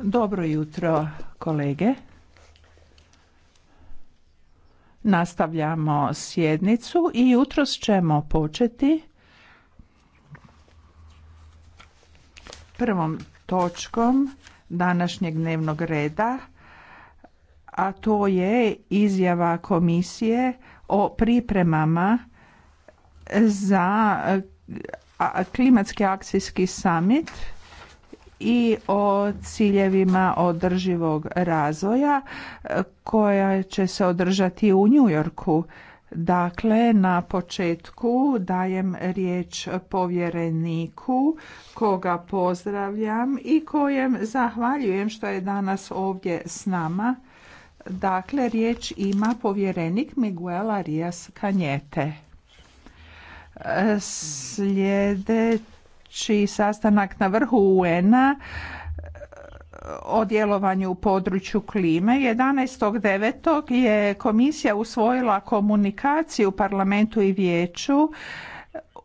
Dobro jutro, kolege. Nastavljamo sjednicu i jutros ćemo početi prvom točkom današnjeg dnevnog reda, a to je izjava komisije o pripremama za klimatski akcijski summit i o ciljevima održivog razvoja e, koja će se održati u New Yorku. Dakle, na početku dajem riječ povjereniku koga pozdravljam i kojem zahvaljujem što je danas ovdje s nama. Dakle, riječ ima povjerenik Miguel Arias Kanjete sljedeći sastanak na vrhu UN-a e, o djelovanju u području klime. 11.9. je komisija usvojila komunikaciju parlamentu i vijeću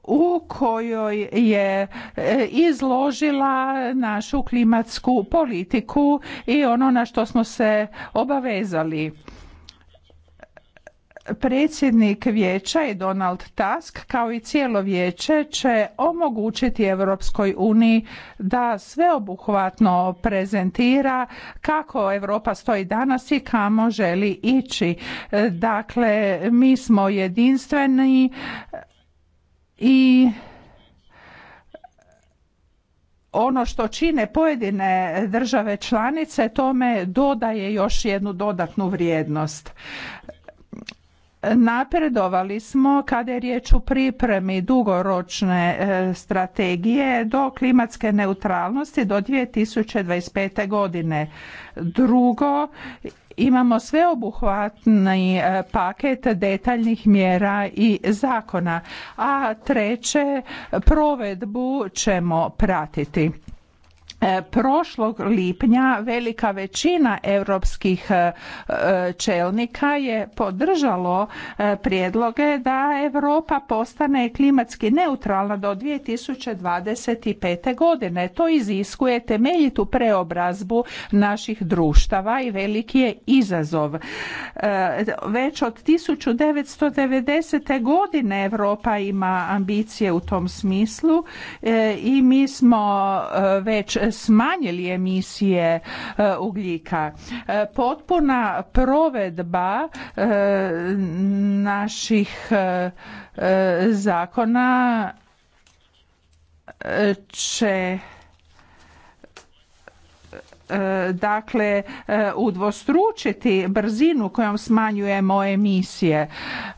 u kojoj je e, izložila našu klimatsku politiku i ono na što smo se obavezali predsjednik vijeća i Donald Tusk kao i cijelo vijeće će omogućiti Europskoj uniji da sveobuhvatno prezentira kako Europa stoji danas i kamo želi ići. Dakle, mi smo jedinstveni i ono što čine pojedine države članice tome dodaje još jednu dodatnu vrijednost. Napredovali smo kada je riječ u pripremi dugoročne e, strategije do klimatske neutralnosti do 2025. godine. Drugo, imamo sveobuhvatni e, paket detaljnih mjera i zakona, a treće, provedbu ćemo pratiti. E, prošlog lipnja velika većina europskih e, čelnika je podržalo e, prijedloge da Europa postane klimatski neutralna do 2025. godine. To iziskuje temeljitu preobrazbu naših društava i veliki je izazov. Već od 1990. godine Europa ima ambicije u tom smislu i mi smo već smanjili emisije e, ugljika. E, potpuna provedba e, naših zakona će E, dakle e, udvostručiti brzinu kojom smanjujemo emisije.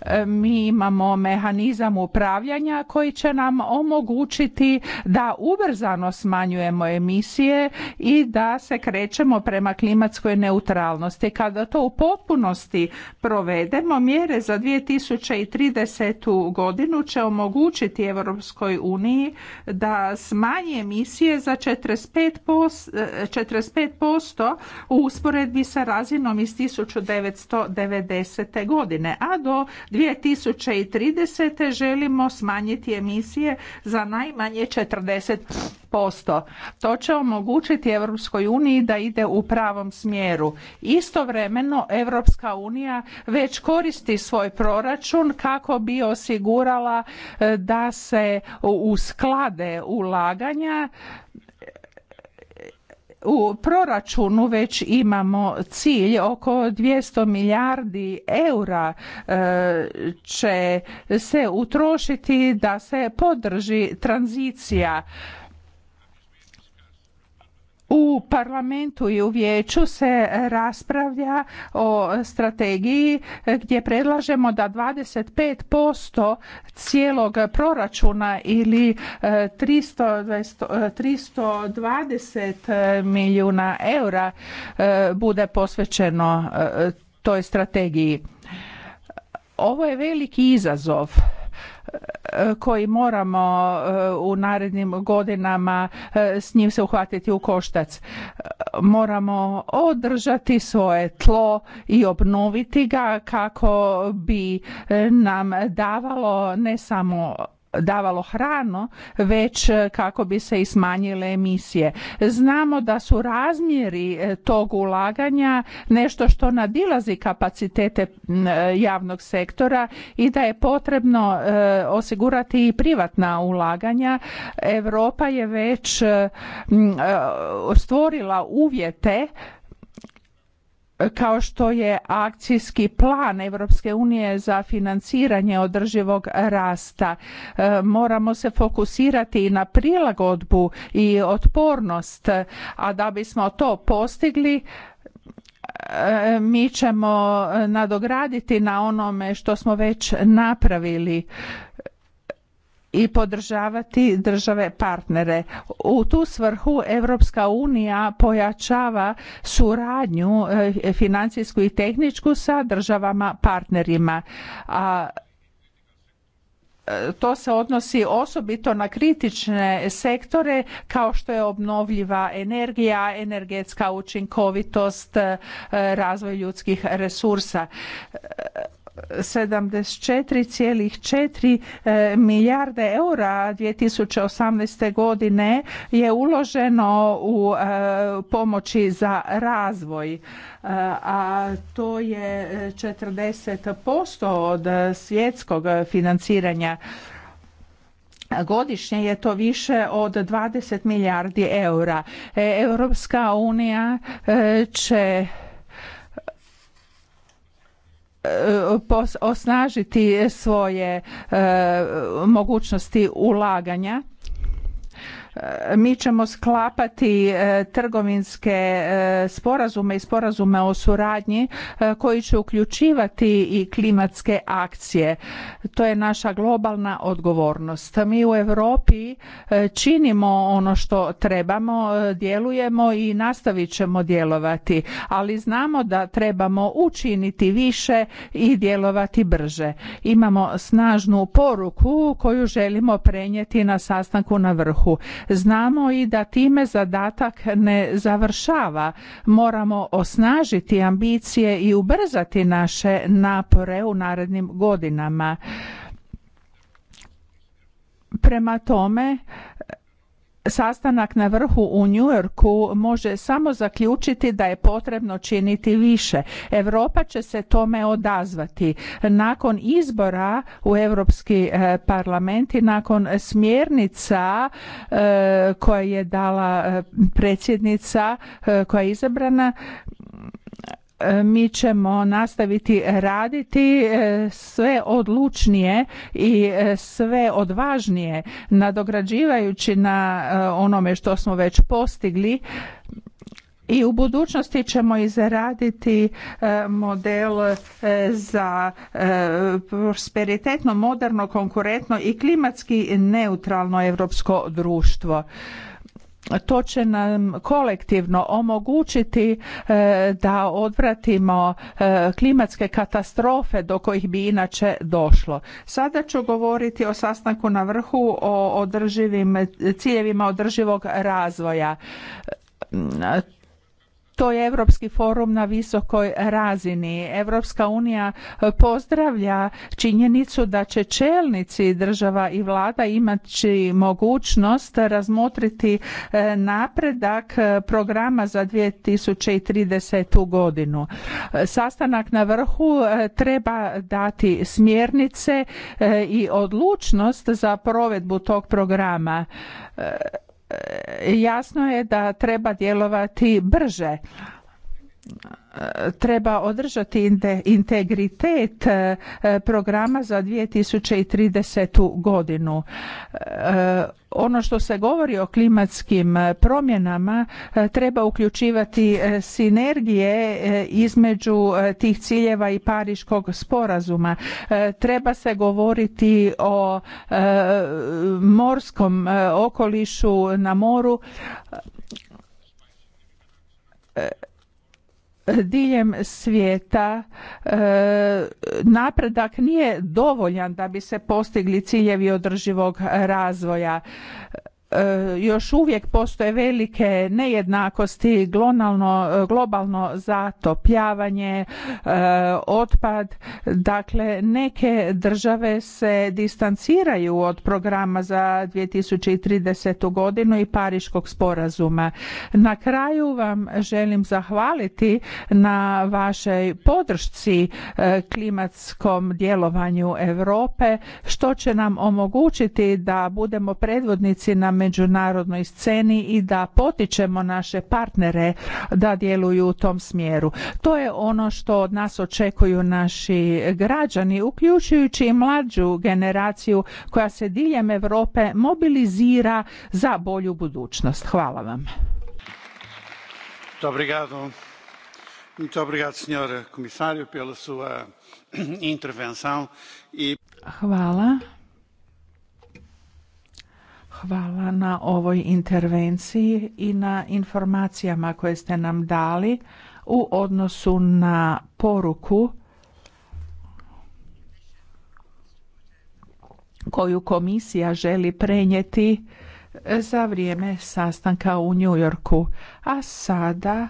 E, mi imamo mehanizam upravljanja koji će nam omogućiti da ubrzano smanjujemo emisije i da se krećemo prema klimatskoj neutralnosti. Kada to u potpunosti provedemo, mjere za 2030. godinu će omogućiti Europskoj uniji da smanji emisije za 45%, 45 posto u usporedbi sa razinom iz 1990. godine, a do 2030. želimo smanjiti emisije za najmanje 40%. To će omogućiti Europskoj uniji da ide u pravom smjeru. Istovremeno Europska unija već koristi svoj proračun kako bi osigurala eh, da se usklade ulaganja u proračunu već imamo cilj oko 200 milijardi eura e, će se utrošiti da se podrži tranzicija u parlamentu i u vijeću se raspravlja o strategiji gdje predlažemo da 25% cijelog proračuna ili 320, e, e, milijuna eura e, bude posvećeno toj strategiji. Ovo je veliki izazov koji moramo e, u narednim godinama e, s njim se uhvatiti u koštac. Moramo održati svoje tlo i obnoviti ga kako bi e, nam davalo ne samo davalo hrano, već e, kako bi se i smanjile emisije. Znamo da su razmjeri e, tog ulaganja nešto što nadilazi kapacitete e, javnog sektora i da je potrebno osigurati i privatna ulaganja. Europa je već stvorila uvjete kao što je akcijski plan Europske unije za financiranje održivog rasta. E, moramo se fokusirati na prilagodbu i otpornost, a da bismo to postigli e, mi ćemo nadograditi na onome što smo već napravili i podržavati države partnere. U tu svrhu Europska unija pojačava suradnju eh, financijsku i tehničku sa državama partnerima. A eh, to se odnosi osobito na kritične sektore kao što je obnovljiva energija, energetska učinkovitost, eh, razvoj ljudskih resursa 74,4 e, milijarde eura 2018. godine je uloženo u e, pomoći za razvoj, e, a to je 40% od svjetskog financiranja. Godišnje je to više od 20 milijardi eura. Europska unija će E, osnažiti svoje e, mogućnosti ulaganja E, mi ćemo sklapati e, trgovinske e, sporazume i sporazume o suradnji koji će uključivati i klimatske akcije. To je naša globalna odgovornost. Mi u Europi činimo ono što trebamo, djelujemo i nastavit ćemo djelovati, ali znamo da trebamo učiniti više i djelovati brže. Imamo snažnu poruku koju želimo prenijeti na sastanku na vrhu. Znamo i da time zadatak ne završava. Moramo osnažiti ambicije i ubrzati naše napore u narednim godinama. Prema tome, sastanak na vrhu u New Yorku može samo zaključiti da je potrebno činiti više. Europa će se tome odazvati. Nakon izbora u Europski e, parlament i nakon smjernica e, koje je dala e, predsjednica koja je izabrana mi ćemo nastaviti raditi e, sve odlučnije i e, sve odvažnije nadograđivajući na e, onome što smo već postigli i u budućnosti ćemo izraditi model za prosperitetno, moderno, konkurentno i klimatski neutralno europsko društvo to će nam kolektivno omogućiti e, da odvratimo e, klimatske katastrofe do kojih bi inače došlo. Sada ću govoriti o sastanku na vrhu o održivim ciljevima održivog razvoja to je Europski forum na visokoj razini. Europska unija e, pozdravlja činjenicu da će čelnici država i vlada imati mogućnost razmotriti e, napredak e, programa za 2030. godinu. Sastanak na vrhu treba dati smjernice i odlučnost za provedbu tog programa jasno je da treba djelovati brže treba održati integritet e, programa za 2030. godinu. E, ono što se govori o klimatskim promjenama e, treba uključivati sinergije između tih ciljeva i Pariškog sporazuma. Treba se govoriti o morskom okolišu na moru diljem svijeta e, napredak nije dovoljan da bi se postigli ciljevi održivog razvoja E, još uvijek postoje velike nejednakosti, e, globalno zatopljavanje, e, otpad. Dakle, neke države se distanciraju od programa za 2030. godinu i Pariškog sporazuma. Na kraju vam želim zahvaliti na vašoj podršci klimatskom djelovanju Europe, što će nam omogućiti da budemo predvodnici na međunarodnoj sceni i da potičemo naše partnere da djeluju u tom smjeru. To je ono što od nas očekuju naši građani, uključujući i mlađu generaciju koja se diljem Europe mobilizira za bolju budućnost. Hvala vam. Obrigado. Muito obrigado, e- Hvala. Hvala na ovoj intervenciji i na informacijama koje ste nam dali u odnosu na poruku koju komisija želi prenijeti za vrijeme sastanka u New Yorku. A sada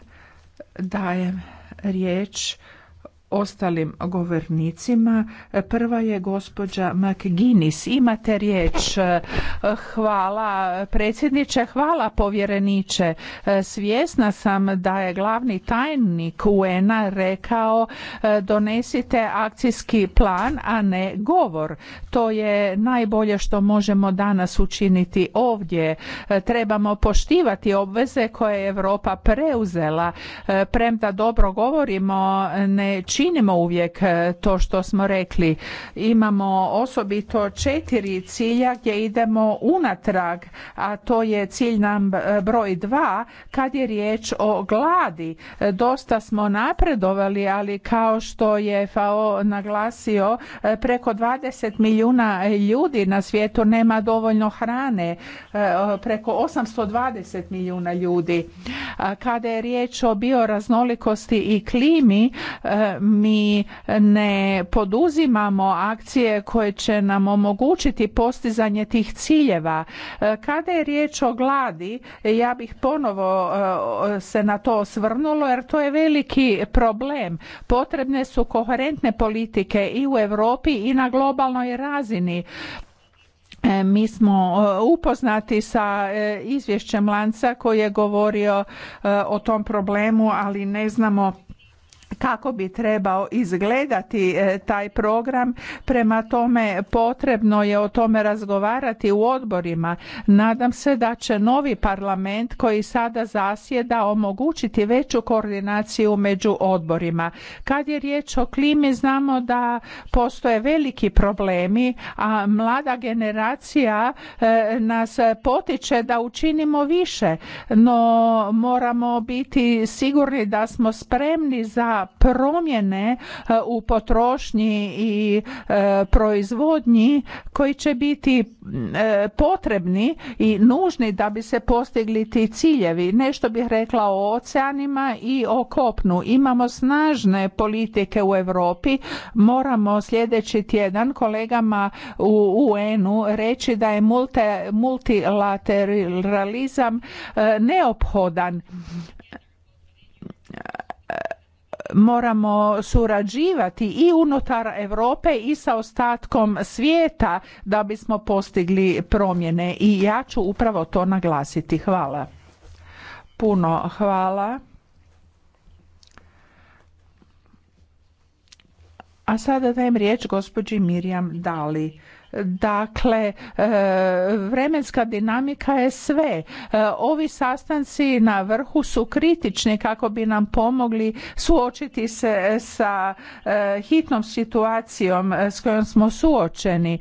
dajem riječ ostalim govornicima. Prva je gospođa McGinnis. Imate riječ. Hvala predsjedniče, hvala povjereniče. Svjesna sam da je glavni tajnik un rekao donesite akcijski plan, a ne govor. To je najbolje što možemo danas učiniti ovdje. Trebamo poštivati obveze koje je Europa preuzela. Premda dobro govorimo, ne činimo činimo uvijek e, to što smo rekli. Imamo osobito četiri cilja gdje idemo unatrag, a to je cilj nam e, broj dva kad je riječ o gladi. E, dosta smo napredovali, ali kao što je FAO naglasio, preko 20 milijuna ljudi na svijetu nema dovoljno hrane, preko 820 milijuna ljudi. Kada je riječ o bioraznolikosti i klimi, mi ne poduzimamo akcije koje će nam omogućiti postizanje tih ciljeva. E, kada je riječ o gladi, ja bih ponovo e, se na to osvrnulo jer to je veliki problem. Potrebne su koherentne politike i u Europi i na globalnoj razini. E, mi smo upoznati sa izvješćem Lanca koji je govorio o tom problemu, ali ne znamo kako bi trebao izgledati e, taj program. Prema tome potrebno je o tome razgovarati u odborima. Nadam se da će novi parlament koji sada zasjeda omogućiti veću koordinaciju među odborima. Kad je riječ o klimi znamo da postoje veliki problemi, a mlada generacija e, nas potiče da učinimo više, no moramo biti sigurni da smo spremni za promjene e, u potrošnji i e, proizvodnji koji će biti e, potrebni i nužni da bi se postigli ti ciljevi. Nešto bih rekla o oceanima i o kopnu. Imamo snažne politike u Europi. Moramo sljedeći tjedan kolegama u UN-u reći da je multilateralizam neophodan moramo surađivati i unutar Europe i sa ostatkom svijeta da bismo postigli promjene i ja ću upravo to naglasiti. Hvala. Puno hvala. A sada dajem riječ gospođi Mirjam Dali. Dakle, e, vremenska dinamika je sve. E, ovi sastanci na vrhu su kritični kako bi nam pomogli suočiti se sa e, hitnom situacijom s kojom smo suočeni.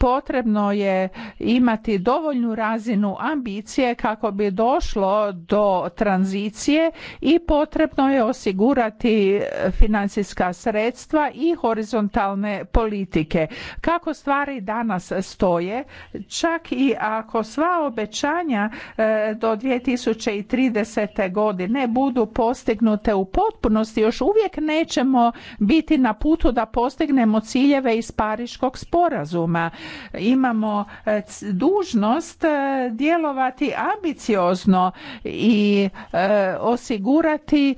Potrebno je imati dovoljnu razinu ambicije kako bi došlo do tranzicije i potrebno je osigurati financijska sredstva i horizontalne politike. Kako stvari stvari danas stoje, čak i ako sva obećanja e, do 2030. godine budu postignute u potpunosti, još uvijek nećemo biti na putu da postignemo ciljeve iz Pariškog sporazuma. Imamo e, dužnost e, djelovati ambiciozno i osigurati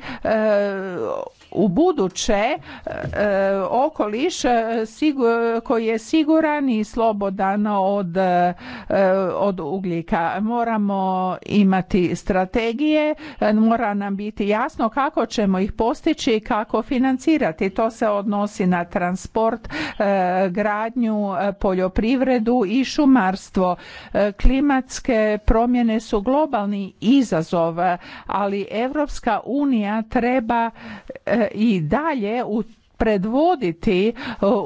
u buduće e, e, okoliš e, koji je siguran i slobodan od, od ugljika. Moramo imati strategije, mora nam biti jasno kako ćemo ih postići i kako financirati. To se odnosi na transport, gradnju, poljoprivredu i šumarstvo. Klimatske promjene su globalni izazov, ali Europska unija treba i dalje predvoditi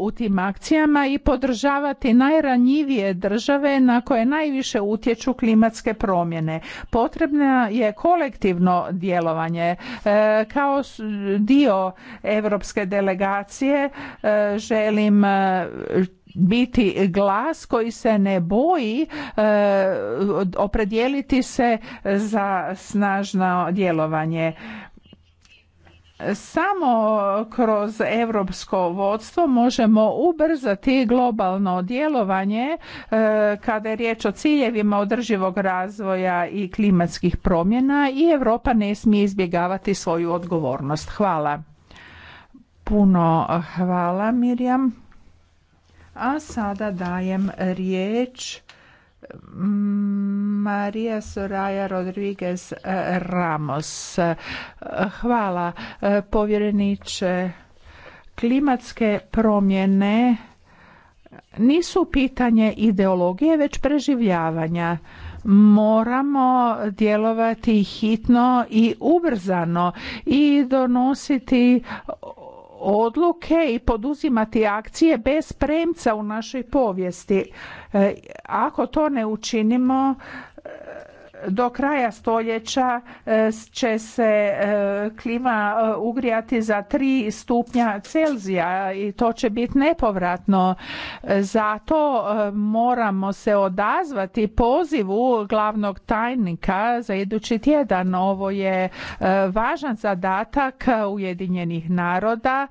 u tim akcijama i podržavati najranjivije države na koje najviše utječu klimatske promjene. Potrebno je kolektivno djelovanje. E, kao dio europske delegacije e, želim e, biti glas koji se ne boji e, opredijeliti se za snažno djelovanje samo kroz europsko vodstvo možemo ubrzati globalno djelovanje e, kada je riječ o ciljevima održivog razvoja i klimatskih promjena i Europa ne smije izbjegavati svoju odgovornost. Hvala. Puno hvala Mirjam. A sada dajem riječ Marija Soraya Rodriguez eh, Ramos. Eh, hvala eh, povjereniče. Klimatske promjene nisu pitanje ideologije već preživljavanja moramo djelovati hitno i ubrzano i donositi odluke i poduzimati akcije bez premca u našoj povijesti. E, ako to ne učinimo do kraja stoljeća e, će se e, klima e, ugrijati za 3 stupnja Celzija i to će biti nepovratno. Zato moramo se odazvati pozivu glavnog tajnika za idući tjedan. Ovo je važan zadatak Ujedinjenih naroda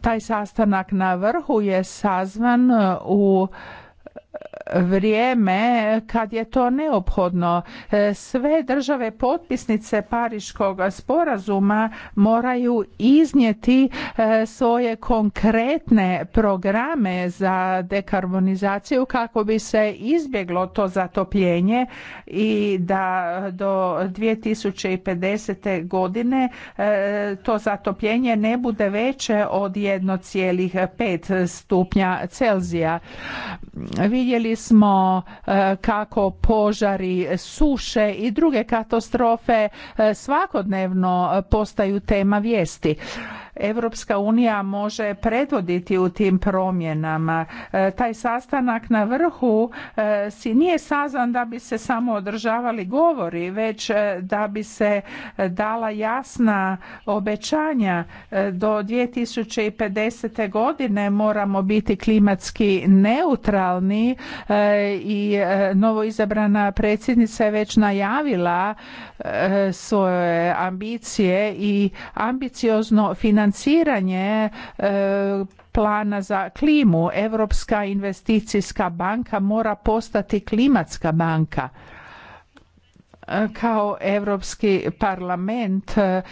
taj sastanak na vrhu je sazvan u vrijeme kad je to neophodno. E, sve države potpisnice Pariškog sporazuma moraju iznijeti e, svoje konkretne programe za dekarbonizaciju kako bi se izbjeglo to zatopljenje i da do 2050. godine e, to zatopljenje ne bude veće od 1,5 stupnja Celzija. Vidjeli smo e, kako požari, suše i druge katastrofe e, svakodnevno postaju tema vijesti. Europska unija može predvoditi u tim promjenama. E, taj sastanak na vrhu e, si nije sazan da bi se samo održavali govori, već e, da bi se dala jasna obećanja do 2050. godine moramo biti klimatski neutralni i novoizabrana predsjednica je već najavila svoje ambicije i ambiciozno financijno financiranje e, plana za klimu. Europska investicijska banka mora postati klimatska banka e, kao Europski parlament e,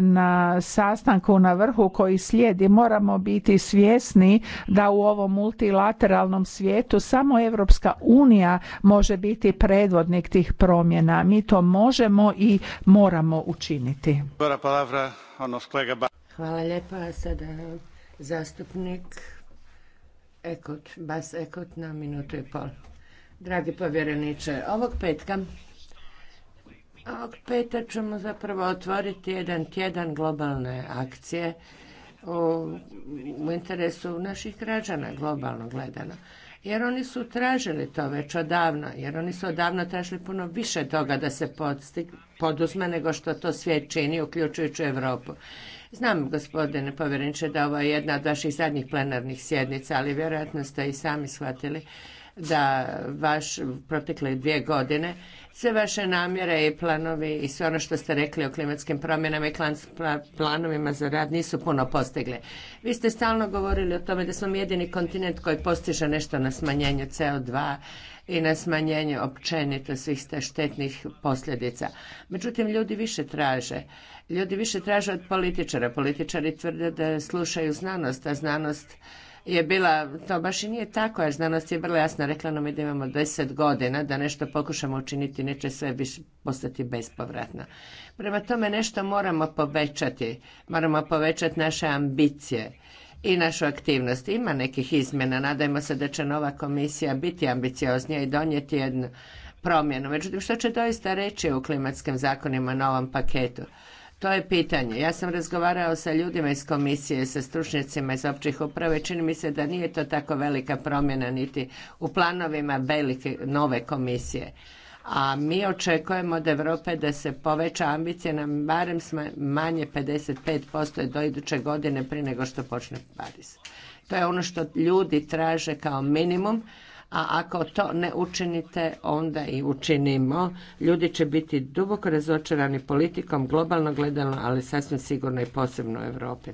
na sastanku na vrhu koji slijedi moramo biti svjesni da u ovom multilateralnom svijetu samo Europska unija može biti predvodnik tih promjena. Mi to možemo i moramo učiniti. Hvala lijepa. Sada zastupnik Ekot, Bas Ekot na minutu i pol. Dragi povjereniče, ovog petka ovog peta ćemo zapravo otvoriti jedan tjedan globalne akcije u, interesu naših građana globalno gledano. Jer oni su tražili to već odavno, jer oni su odavno tražili puno više toga da se poduzme nego što to svijet čini, uključujući Europu. Znam, gospodine povjereniče, da ovo je jedna od vaših zadnjih plenarnih sjednica, ali vjerojatno ste i sami shvatili da vaš protekle dvije godine sve vaše namjere i planovi i sve ono što ste rekli o klimatskim promjenama i planovima za rad nisu puno postigle. Vi ste stalno govorili o tome da smo jedini kontinent koji postiže nešto na smanjenju CO2 i na smanjenje općenito svih te štetnih posljedica. Međutim, ljudi više traže. Ljudi više traže od političara. Političari tvrde da slušaju znanost, a znanost je bila, to baš i nije tako, jer znanost je vrlo jasna. rekla nam je da imamo deset godina da nešto pokušamo učiniti, neće sve više postati bespovratna. Prema tome nešto moramo povećati, moramo povećati naše ambicije i našu aktivnost. Ima nekih izmjena, nadajmo se da će nova komisija biti ambicioznija i donijeti jednu promjenu. Međutim, što će doista reći u klimatskim zakonima novom paketu? To je pitanje. Ja sam razgovarao sa ljudima iz komisije, sa stručnjacima iz općih uprave. Čini mi se da nije to tako velika promjena niti u planovima velike nove komisije a mi očekujemo od Europe da se poveća ambicija na barem manje 55% do iduće godine prije nego što počne Paris. To je ono što ljudi traže kao minimum, a ako to ne učinite, onda i učinimo. Ljudi će biti duboko razočarani politikom, globalno gledano, ali sasvim sigurno i posebno u Europi.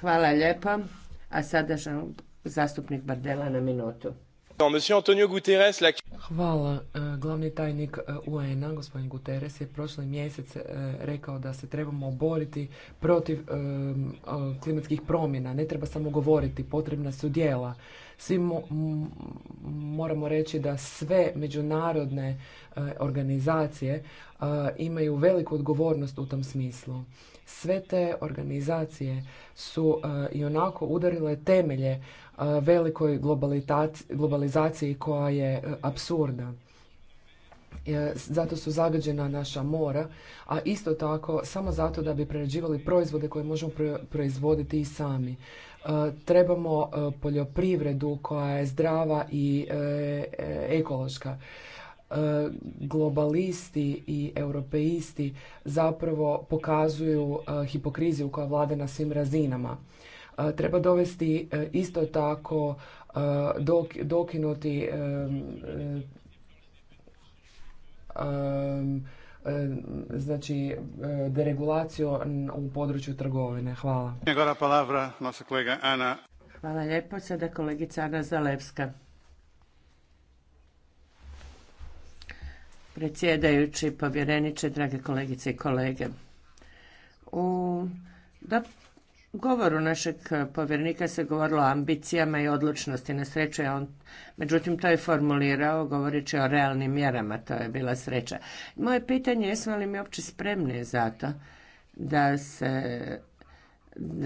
Hvala lijepo. A sada zastupnik Bardela na minutu. Hvala. E, glavni tajnik e, UN-a, gospodin Guterres, je prošli mjesec e, rekao da se trebamo boriti protiv klimatskih promjena. Ne treba samo govoriti, potrebna su djela. Svi moramo reći da sve međunarodne organizacije imaju veliku odgovornost u tom smislu. Sve te organizacije su i onako udarile temelje velikoj globalizaciji koja je e, apsurdna. E, zato su zagađena naša mora, a isto tako samo zato da bi prerađivali proizvode koje možemo proizvoditi i sami. E, trebamo poljoprivredu koja je zdrava i ekološka globalisti i europeisti zapravo pokazuju hipokriziju koja vlada na svim razinama. Treba dovesti e, isto tako dokinuti e, e, znači deregulaciju u području trgovine. Hvala. Hvala lijepo. Sada kolegica Ana Zalevska. Predsjedajući povjereniče, drage kolegice i kolege. U da u govoru našeg eh, povjernika se govorilo o ambicijama i odlučnosti. Na sreću on, međutim, to je formulirao govoreći o realnim mjerama. To je bila sreća. Moje pitanje je jesmo li mi uopće spremni za to da se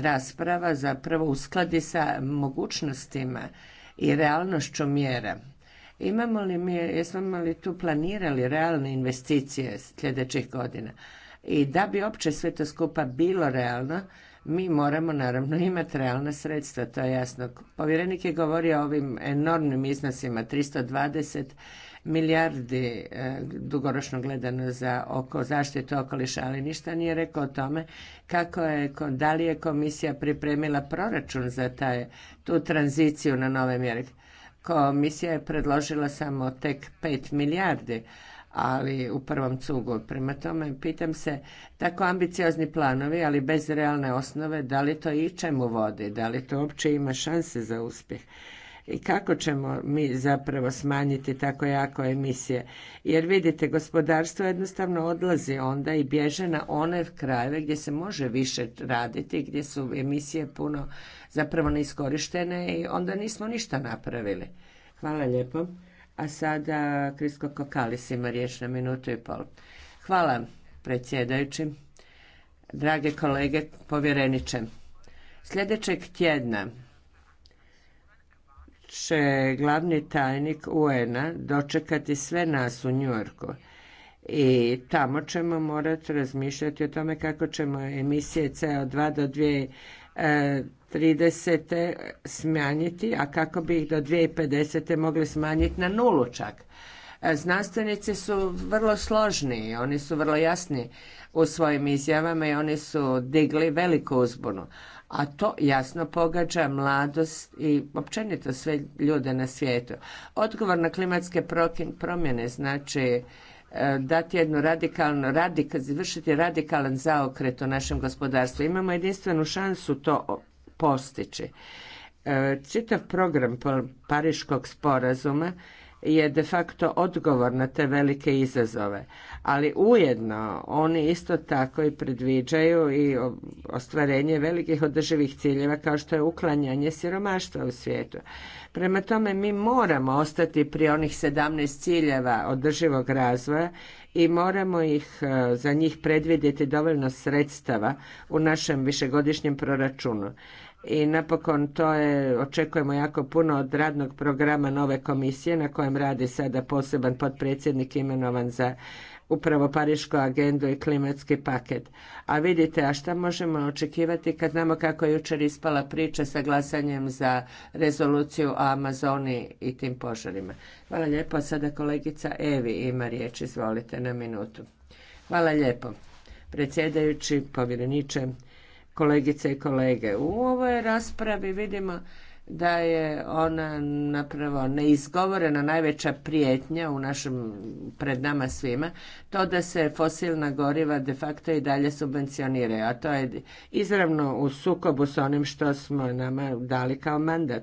rasprava zapravo uskladi sa mogućnostima i realnošću mjera. Imamo li mi, jesmo li tu planirali realne investicije sljedećih godina? I da bi opće sve to skupa bilo realno, mi moramo naravno imati realna sredstva, to je jasno. Povjerenik je govorio o ovim enormnim iznosima, 320 milijardi e, dugoročno gledano za oko zaštitu okoliša, ali ništa nije rekao o tome kako je, da li je komisija pripremila proračun za taj, tu tranziciju na nove mjere. Komisija je predložila samo tek 5 milijardi, ali u prvom cugu. Prema tome, pitam se, tako ambiciozni planovi, ali bez realne osnove, da li to i čemu vodi, da li to uopće ima šanse za uspjeh i kako ćemo mi zapravo smanjiti tako jako emisije. Jer vidite, gospodarstvo jednostavno odlazi onda i bježe na one krajeve gdje se može više raditi, gdje su emisije puno zapravo neiskorištene i onda nismo ništa napravili. Hvala lijepo. A sada Krisko Kokalis ima riječ na minutu i pol. Hvala predsjedajući, drage kolege, povjereniče. Sljedećeg tjedna će glavni tajnik UN-a dočekati sve nas u Njujorku i tamo ćemo morati razmišljati o tome kako ćemo emisije CO2 do 30. smanjiti, a kako bi ih do 2050. mogli smanjiti na nulu čak. Znanstvenici su vrlo složni, oni su vrlo jasni u svojim izjavama i oni su digli veliku uzbunu. A to jasno pogađa mladost i općenito sve ljude na svijetu. Odgovor na klimatske promjene znači E, dati jednu radikalnu, radik, vršiti radikalan zaokret u našem gospodarstvu. Imamo jedinstvenu šansu to postići. E, čitav program Pariškog sporazuma je de facto odgovor na te velike izazove. Ali ujedno oni isto tako i predviđaju i ostvarenje velikih održivih ciljeva kao što je uklanjanje siromaštva u svijetu. Prema tome mi moramo ostati pri onih 17 ciljeva održivog razvoja i moramo ih e, za njih predvidjeti dovoljno sredstava u našem višegodišnjem proračunu i napokon to je, očekujemo jako puno od radnog programa nove komisije na kojem radi sada poseban potpredsjednik imenovan za upravo Parišku agendu i klimatski paket. A vidite, a šta možemo očekivati kad znamo kako je jučer ispala priča sa glasanjem za rezoluciju o Amazoni i tim požarima. Hvala lijepo. Sada kolegica Evi ima riječ. Izvolite na minutu. Hvala lijepo. Predsjedajući, povjereniče, kolegice i kolege. U ovoj raspravi vidimo da je ona napravo neizgovorena najveća prijetnja u našem, pred nama svima, to da se fosilna goriva de facto i dalje subvencioniraju, a to je izravno u sukobu s onim što smo nama dali kao mandat.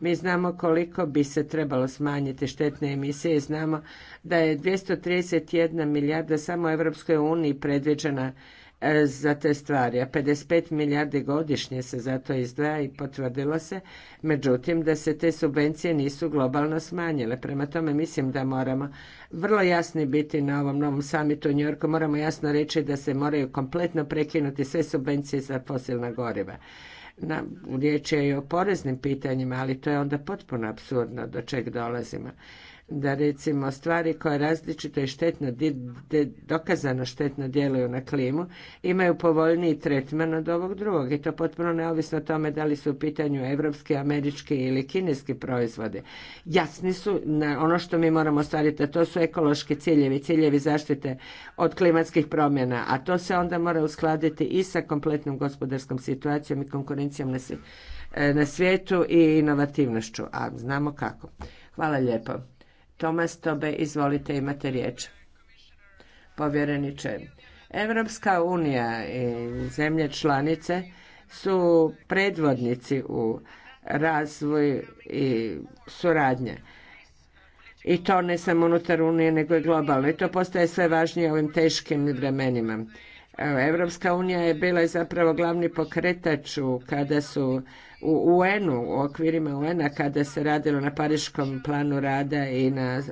Mi znamo koliko bi se trebalo smanjiti štetne emisije znamo da je 231 milijarda samo u Europskoj uniji predviđena E, za te stvari, a 55 milijardi godišnje se za to izdvaja i potvrdilo se, međutim da se te subvencije nisu globalno smanjile. Prema tome mislim da moramo vrlo jasni biti na ovom novom samitu u Njorku, moramo jasno reći da se moraju kompletno prekinuti sve subvencije za fosilna goriva. Na, riječ je i o poreznim pitanjima, ali to je onda potpuno apsurdno do čeg dolazimo da recimo stvari koje različito i štetno, dokazano štetno djeluju na klimu, imaju povoljniji tretman od ovog drugog i to potpuno neovisno o tome da li su u pitanju evropski, američki ili kineski proizvode. Jasni su na ono što mi moramo ostvariti, a to su ekološki ciljevi, ciljevi zaštite od klimatskih promjena, a to se onda mora uskladiti i sa kompletnom gospodarskom situacijom i konkurencijom na e, svijetu i inovativnošću, a znamo kako. Hvala lijepo. Tomas Tobe, izvolite, imate riječ. Povjereniče, Evropska unija i zemlje članice su predvodnici u razvoju i suradnje. I to ne samo unutar Unije, nego i globalno. I to postaje sve važnije u ovim teškim vremenima. Evropska unija je bila zapravo glavni pokretač kada su u UN-u, u okvirima UN-a kada se radilo na Pariškom planu rada i na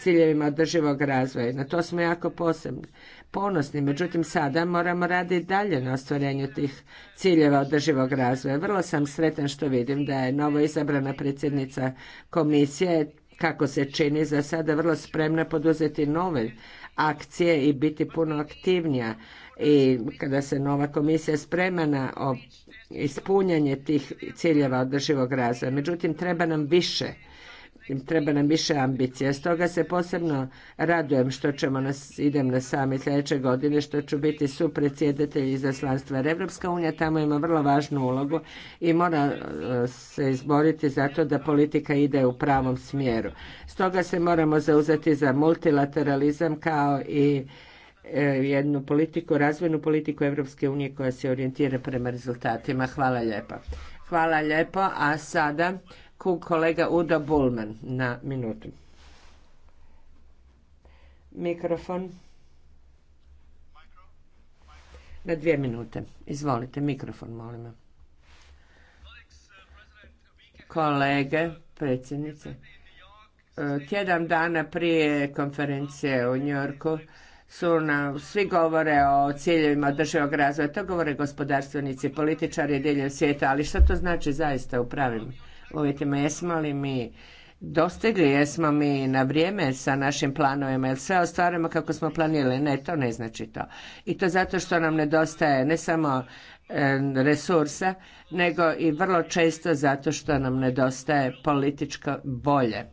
ciljevima održivog razvoja. Na to smo jako posebni ponosni, međutim sada moramo raditi dalje na ostvarenju tih ciljeva održivog razvoja. Vrlo sam sretan što vidim da je novo izabrana predsjednica komisije kako se čini za sada vrlo spremna poduzeti nove akcije i biti puno aktivnija i kada se nova komisija sprema na ispunjanje tih ciljeva održivog razvoja. Međutim, treba nam više treba nam više ambicija. Stoga se posebno radujem što ćemo nas, idem na sami sljedeće godine, što ću biti supredsjedatelj izaslanstva. Jer Evropska unija tamo ima vrlo važnu ulogu i mora e, se izboriti za to da politika ide u pravom smjeru. Stoga se moramo zauzeti za multilateralizam kao i E, jednu politiku, razvojnu politiku Europske unije koja se orijentira prema rezultatima. Hvala lijepa. Hvala lijepo, a sada kolega Uda Bulman na minutu. Mikrofon. Na dvije minute. Izvolite, mikrofon molim. Kolege, predsjednice, e, tjedan dana prije konferencije u Njorku su nam, svi govore o ciljevima održivog razvoja, to govore gospodarstvenici, političari diljem svijeta, ali što to znači zaista u pravim uvjetima? Jesmo li mi dostigli, jesmo mi na vrijeme sa našim planovima, jer sve ostvarujemo kako smo planirali. Ne, to ne znači to. I to zato što nam nedostaje ne samo e, resursa, nego i vrlo često zato što nam nedostaje političko bolje.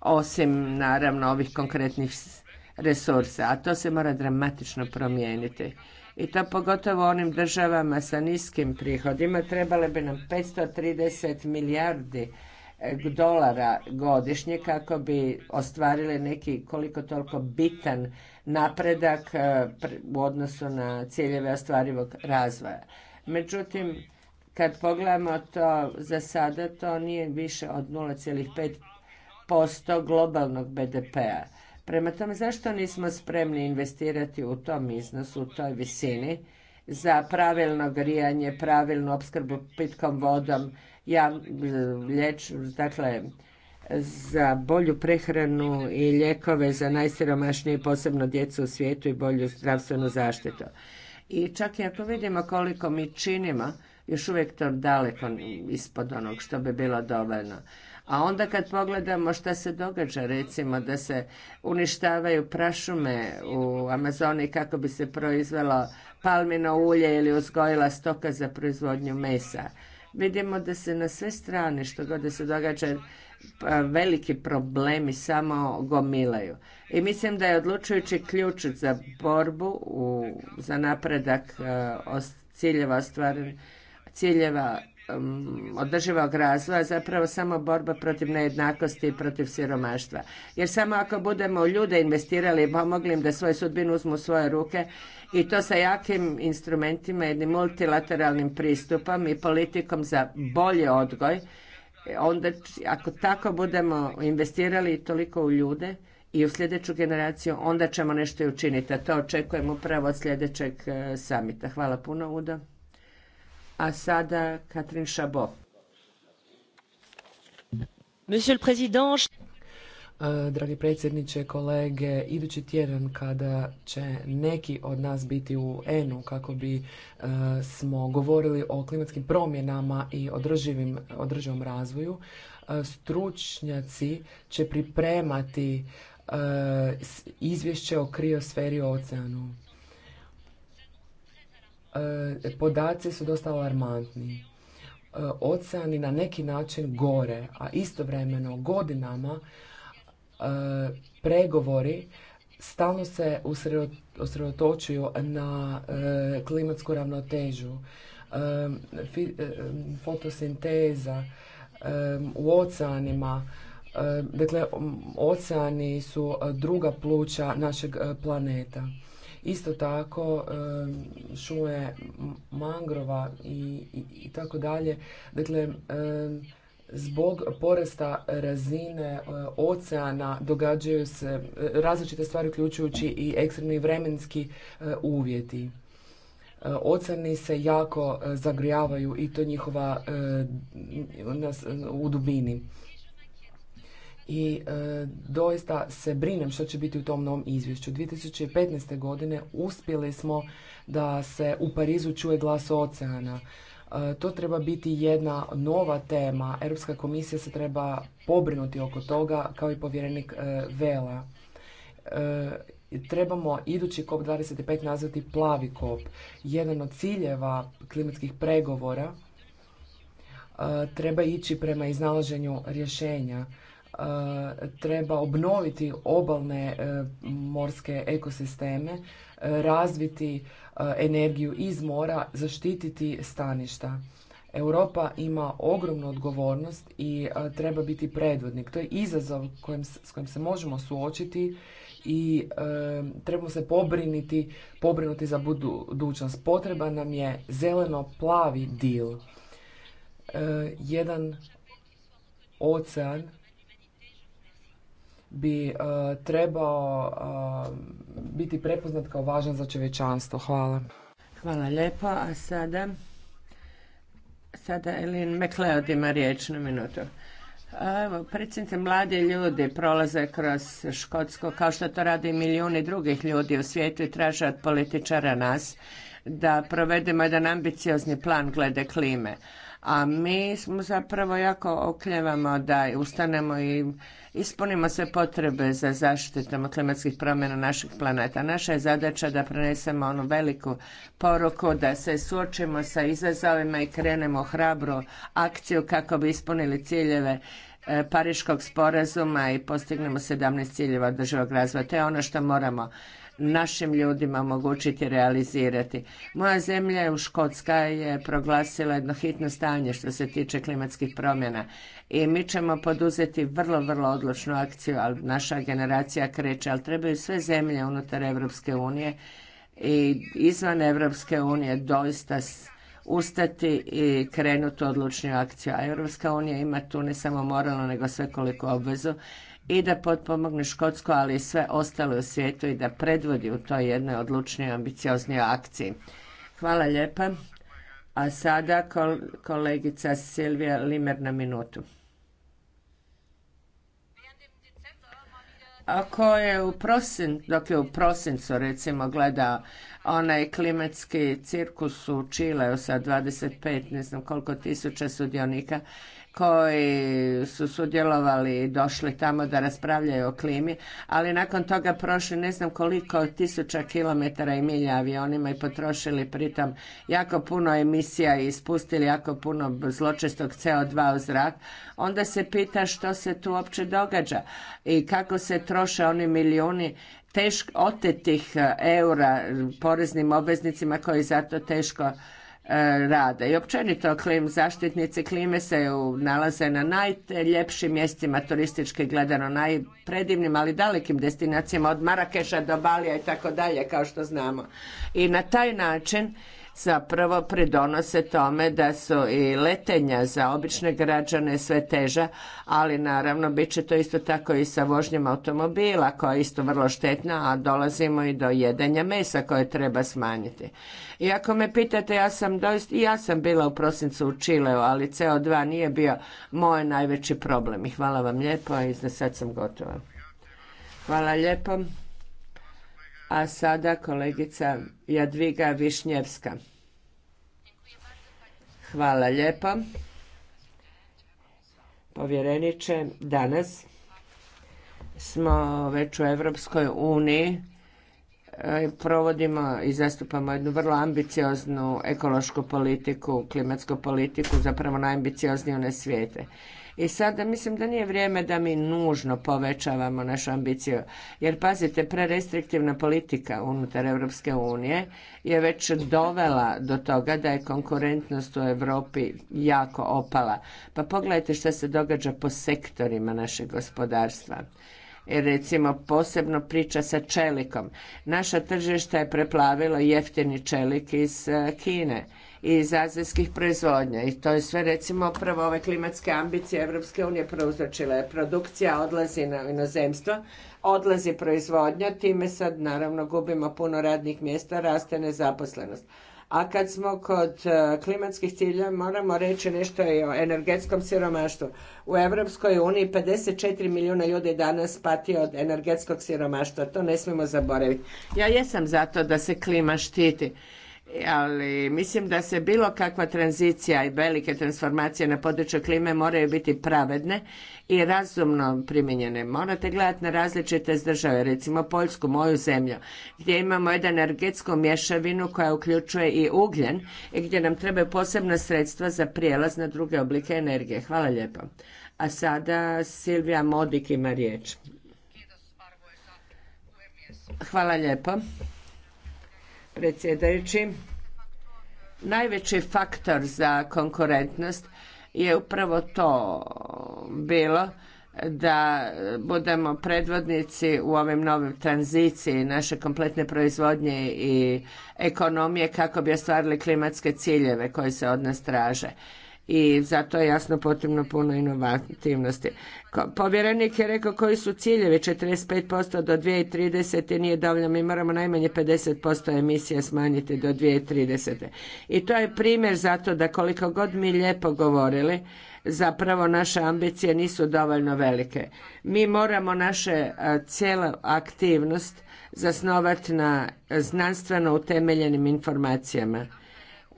Osim, naravno, ovih konkretnih resursa, a to se mora dramatično promijeniti. I to pogotovo onim državama sa niskim prihodima trebale bi nam 530 milijardi e, dolara godišnje kako bi ostvarile neki koliko toliko bitan napredak e, u odnosu na ciljeve ostvarivog razvoja. Međutim, kad pogledamo to za sada, to nije više od 0,5% globalnog BDP-a. Prema tome, zašto nismo spremni investirati u tom iznosu, u toj visini, za pravilno grijanje, pravilnu opskrbu pitkom vodom, dakle, za bolju prehranu i lijekove za najsiromašnije, posebno djecu u svijetu i bolju zdravstvenu zaštitu. I čak i ako vidimo koliko mi činimo, još uvijek to daleko ispod onog što bi bilo dovoljno. A onda kad pogledamo šta se događa, recimo da se uništavaju prašume u Amazoni kako bi se proizvelo palmino ulje ili uzgojila stoka za proizvodnju mesa. Vidimo da se na sve strane što god da se događa pa, veliki problemi samo gomilaju. I mislim da je odlučujući ključ za borbu, za napredak e, ciljeva ostvaren, ciljeva Um, održivog razvoja zapravo samo borba protiv nejednakosti i protiv siromaštva. Jer samo ako budemo ljude investirali i pomogli im da svoju sudbinu uzmu u svoje ruke i to sa jakim instrumentima, jednim multilateralnim pristupom i politikom za bolji odgoj, onda ako tako budemo investirali toliko u ljude i u sljedeću generaciju, onda ćemo nešto i učiniti. A to očekujem upravo od sljedećeg e, samita. Hvala puno, Udo. A sada Katrin Šabo. Monsieur le Président, e, Dragi predsjedniče, kolege, idući tjedan kada će neki od nas biti u Enu kako bi e, smo govorili o klimatskim promjenama i održivom razvoju, e, stručnjaci će pripremati izvješće o kriosferi oceanu E, podaci su dosta alarmantni. E, oceani na neki način gore, a istovremeno godinama e, pregovori stalno se usredotočuju na klimatsku ravnotežu, fotosinteza u oceanima. Dakle, oceani su druga pluća našeg planeta. Isto tako šume mangrova i, tako dalje. Dakle, zbog porasta razine e, oceana događaju se e, različite stvari uključujući i ekstremni vremenski e, uvjeti. Oceani se jako zagrijavaju i to njihova u dubini i e, doista se brinem što će biti u tom novom izvješću. 2015. godine uspjeli smo da se u Parizu čuje glas oceana. E, to treba biti jedna nova tema. Europska komisija se treba pobrinuti oko toga, kao i povjerenik e, Vela. E, trebamo idući COP25 nazvati plavi COP. Jedan od ciljeva klimatskih pregovora treba ići prema iznalaženju rješenja Eh, treba obnoviti obalne eh, morske ekosisteme, eh, razviti energiju iz mora, zaštititi staništa. Europa ima ogromnu odgovornost i treba biti predvodnik. To je izazov s kojim se možemo suočiti i trebamo se pobriniti, pobrinuti za budućnost. Potreba nam je zeleno-plavi deal. jedan ocean bi e, trebao e, biti prepoznat kao važan za čovječanstvo. Hvala. Hvala lijepo. A sada, sada Elin McLeod ima riječ na minutu. Evo, predsjednice, mladi ljudi prolaze kroz Škotsko, kao što to radi i milijuni drugih ljudi u svijetu i traže od političara nas da provedemo jedan ambiciozni plan glede klime a mi smo zapravo jako okljevamo da ustanemo i ispunimo sve potrebe za zaštitom klimatskih promjena naših planeta. Naša je zadaća da prenesemo onu veliku poruku da se suočimo sa izazovima i krenemo hrabru akciju kako bi ispunili ciljeve e, Pariškog sporazuma i postignemo 17 ciljeva održivog razvoja. To je ono što moramo našim ljudima omogućiti realizirati. Moja zemlja je u Škotska je proglasila jedno hitno stanje što se tiče klimatskih promjena i mi ćemo poduzeti vrlo, vrlo odlučnu akciju, ali naša generacija kreće, ali trebaju sve zemlje unutar Europske unije i izvan Europske unije doista ustati i krenuti u odlučniju akciju. A Europska unija ima tu ne samo moralno nego svekoliko obvezu i da potpomogne škotsko ali i sve ostale u svijetu i da predvodi u toj jednoj odlučnijoj, ambicioznijoj akciji. Hvala lijepa. A sada kolegica Silvija Limer na minutu. Ako je u prosin, dok je u prosincu recimo gledao onaj klimatski cirkus u Čileu sa 25, ne znam koliko tisuća sudionika, koji su sudjelovali i došli tamo da raspravljaju o klimi, ali nakon toga prošli ne znam koliko tisuća kilometara i milja avionima i potrošili pritom jako puno emisija i ispustili jako puno zločestog CO2 u zrak, onda se pita što se tu uopće događa i kako se troše oni milijuni teško otetih e, eura poreznim obveznicima koji zato teško E, rada. I općenito klim zaštitnici klime se nalaze na najljepšim mjestima turistički gledano, najpredivnim, ali dalekim destinacijama od Marakeša do Balija i tako dalje, kao što znamo. I na taj način zapravo pridonose tome da su i letenja za obične građane sve teža, ali naravno bit će to isto tako i sa vožnjom automobila koja je isto vrlo štetna, a dolazimo i do jedenja mesa koje treba smanjiti. I ako me pitate, ja sam doista, i ja sam bila u prosincu u Čileu, ali CO2 nije bio moj najveći problem. I hvala vam lijepo i za sad sam gotova. Hvala lijepo. A sada kolegica Jadviga Višnjevska. Hvala lijepo. Povjereniče, danas smo već u Evropskoj uniji e, provodimo i zastupamo jednu vrlo ambicioznu ekološku politiku, klimatsku politiku, zapravo najambiciozniju na svijete. I sada mislim da nije vrijeme da mi nužno povećavamo našu ambiciju. Jer pazite, prerestriktivna politika unutar Europske unije je već dovela do toga da je konkurentnost u Europi jako opala. Pa pogledajte što se događa po sektorima našeg gospodarstva e, recimo posebno priča sa čelikom. Naša tržišta je preplavilo jeftini čelik iz e, Kine iz azijskih proizvodnja i to je sve recimo upravo ove klimatske ambicije Evropske unije prouzročile. Produkcija odlazi na inozemstvo, odlazi proizvodnja, time sad naravno gubimo puno radnih mjesta, raste nezaposlenost. A kad smo kod e, klimatskih cilja, moramo reći nešto i o energetskom siromaštvu. U Europskoj uniji 54 milijuna ljudi danas pati od energetskog siromaštva. To ne smijemo zaboraviti. Ja jesam zato da se klima štiti, ali mislim da se bilo kakva tranzicija i velike transformacije na području klime moraju biti pravedne i razumno primijenjene. Morate gledati na različite države, recimo Poljsku, moju zemlju, gdje imamo jednu energetsku mješavinu koja uključuje i ugljen i gdje nam trebaju posebna sredstva za prijelaz na druge oblike energije. Hvala lijepo. A sada Silvija Modik ima riječ. Hvala lijepo predsjedajući. Najveći faktor za konkurentnost je upravo to bilo da budemo predvodnici u ovim novim tranziciji naše kompletne proizvodnje i ekonomije kako bi ostvarili klimatske ciljeve koji se od nas traže i zato je jasno potrebno puno inovativnosti. Povjerenik je rekao koji su ciljevi 45% do 2030. nije dovoljno, mi moramo najmanje 50% emisija smanjiti do 2030. I to je primjer zato da koliko god mi lijepo govorili, zapravo naše ambicije nisu dovoljno velike. Mi moramo naše e, cijelu aktivnost zasnovati na znanstveno utemeljenim informacijama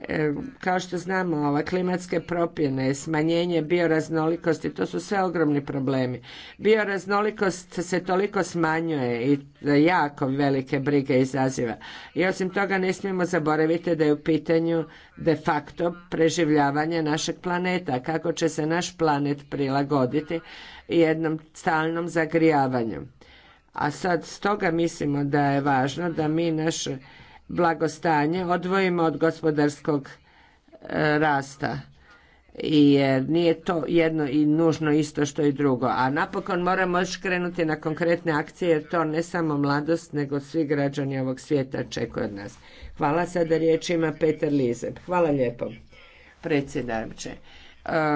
E, kao što znamo, ove klimatske propjene, smanjenje bioraznolikosti, to su sve ogromni problemi. Bioraznolikost se toliko smanjuje i jako velike brige izaziva. I osim toga ne smijemo zaboraviti da je u pitanju de facto preživljavanje našeg planeta, kako će se naš planet prilagoditi jednom stalnom zagrijavanju. A sad stoga mislimo da je važno da mi naše blagostanje odvojimo od gospodarskog e, rasta i nije to jedno i nužno isto što i drugo. A napokon moramo još krenuti na konkretne akcije jer to ne samo mladost nego svi građani ovog svijeta čekaju od nas. Hvala sada riječ ima Peter Lizeb. Hvala lijepo predsjedavče.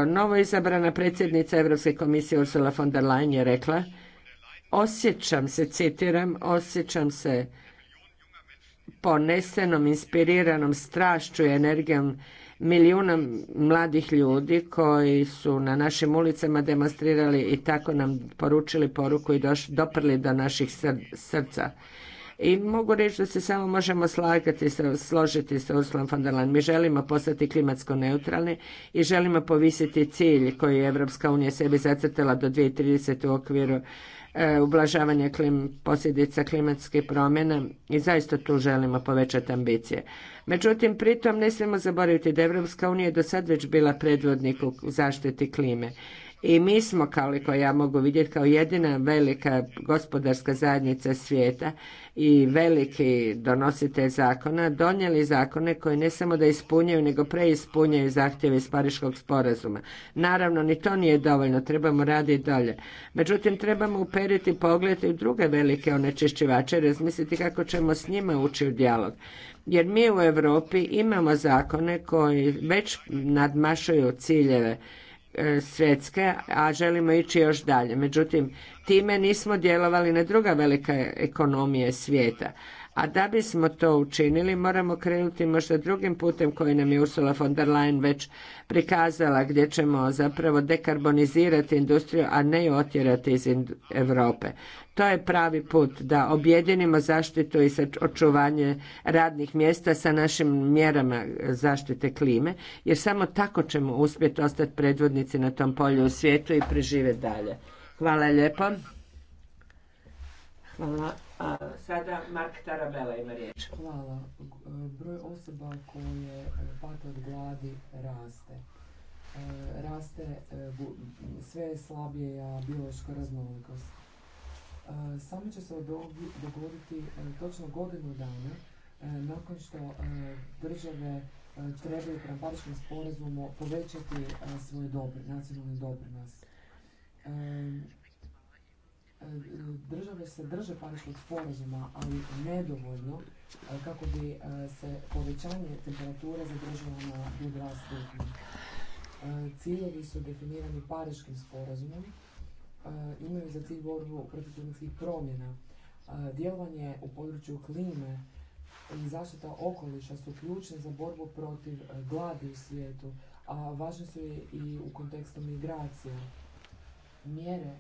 Novo izabrana predsjednica Europske komisije Ursula von der Leyen je rekla osjećam se, citiram, osjećam se ponesenom, inspiriranom strašću i energijom milijuna mladih ljudi koji su na našim ulicama demonstrirali i tako nam poručili poruku i doprli do naših srca. I mogu reći da se samo možemo slagati, složiti sa Ursulom von der Leyen. Mi želimo postati klimatsko neutralni i želimo povisiti cilj koji je Evropska unija sebi zacrtala do 2030. u okviru E, ublažavanje klim, posljedica klimatskih promjena i zaista tu želimo povećati ambicije. Međutim, pritom ne smijemo zaboraviti da Evropska unija do sad već bila predvodnik u zaštiti klime i mi smo, koliko ja mogu vidjeti, kao jedina velika gospodarska zajednica svijeta i veliki donositelj zakona, donijeli zakone koji ne samo da ispunjaju, nego preispunjaju zahtjeve iz Pariškog sporazuma. Naravno, ni to nije dovoljno, trebamo raditi dalje. Međutim, trebamo uperiti pogled i druge velike onečišćivače, razmisliti kako ćemo s njima ući u dijalog. Jer mi u Europi imamo zakone koji već nadmašuju ciljeve E, svjetske, a želimo ići još dalje. Međutim, time nismo djelovali na druga velika ekonomije svijeta, a da bismo to učinili moramo krenuti možda drugim putem koji nam je Ursula von der Leyen već prikazala gdje ćemo zapravo dekarbonizirati industriju, a ne ju otjerati iz Europe. To je pravi put da objedinimo zaštitu i očuvanje radnih mjesta sa našim mjerama zaštite klime, jer samo tako ćemo uspjeti ostati predvodnici na tom polju u svijetu i preživjeti dalje. Hvala lijepo. Hvala. Sada Mark Tarabela ima riječ. Hvala. Broj osoba koje e, pate od gladi raste. E, raste e, sve slabija biološka raznolikost. Samo će se dogoditi točno godinu dana nakon što države trebaju prema Pariškom sporazumu povećati svoj dobri, nacionalni doprinos države se drže pariškog sporazuma, ali nedovoljno e, kako bi e, se povećanje temperature zadržalo na e, Ciljevi su definirani pariškim sporazumom, imaju za cilj borbu protiv klimatskih promjena. Djelovanje u području klime i zaštita okoliša su ključne za borbu protiv gladi u svijetu, a važne su i u kontekstu migracije. Mjere